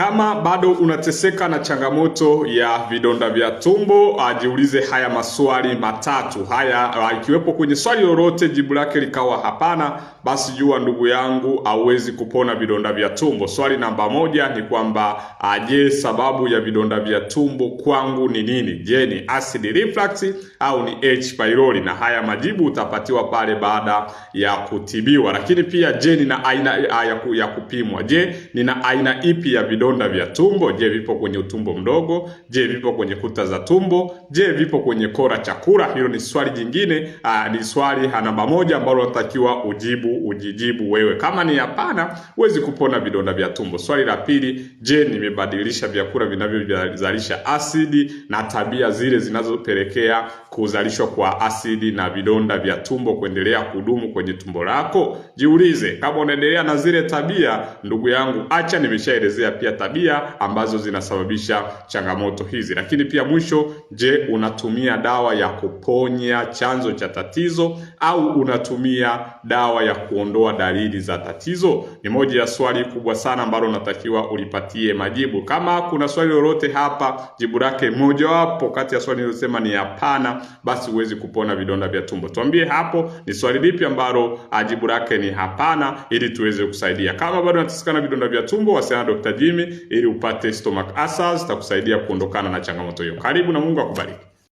Kama bado unateseka na changamoto ya vidonda vya tumbo, ajiulize haya maswali matatu haya. Ikiwepo kwenye swali lolote jibu lake likawa hapana, basi jua ndugu yangu hauwezi kupona vidonda vya tumbo. Swali namba moja ni kwamba ah, je, sababu ya vidonda vya tumbo kwangu ni nini? Je, ni acid reflux au ni H pylori? Na haya majibu utapatiwa pale baada ya kutibiwa. Lakini pia je, nina aina ah, ya kupimwa? Je, nina aina ipi ya vidonda vidonda vya tumbo? Je, vipo kwenye utumbo mdogo? Je, vipo kwenye kuta za tumbo? Je, vipo kwenye kora chakula? Hilo ni swali jingine, aa, ah, ni swali namba moja ambalo unatakiwa ujibu ujijibu wewe. Kama ni hapana, huwezi kupona vidonda vya tumbo. Swali la pili, je, nimebadilisha vyakula vinavyozalisha asidi na tabia zile zinazopelekea kuzalishwa kwa asidi na vidonda vya tumbo kuendelea kudumu kwenye tumbo lako? Jiulize kama unaendelea na zile tabia, ndugu yangu, acha. Nimeshaelezea pia tabia ambazo zinasababisha changamoto hizi. Lakini pia mwisho, je, unatumia dawa ya kuponya chanzo cha tatizo au unatumia dawa ya kuondoa dalili za tatizo? Ni moja ya swali kubwa sana ambalo unatakiwa ulipatie majibu. Kama kuna swali lolote hapa, jibu lake mojawapo kati ya swali nilosema ni hapana, basi huwezi kupona vidonda vya tumbo. Tuambie hapo ni swali lipi ambalo ajibu lake ni hapana, ili tuweze kusaidia. Kama bado unateseka vidonda vya tumbo, wasiliana na Dr. Jimmy ili upate stomach ulcers zitakusaidia kuondokana na changamoto hiyo. Karibu na Mungu akubariki.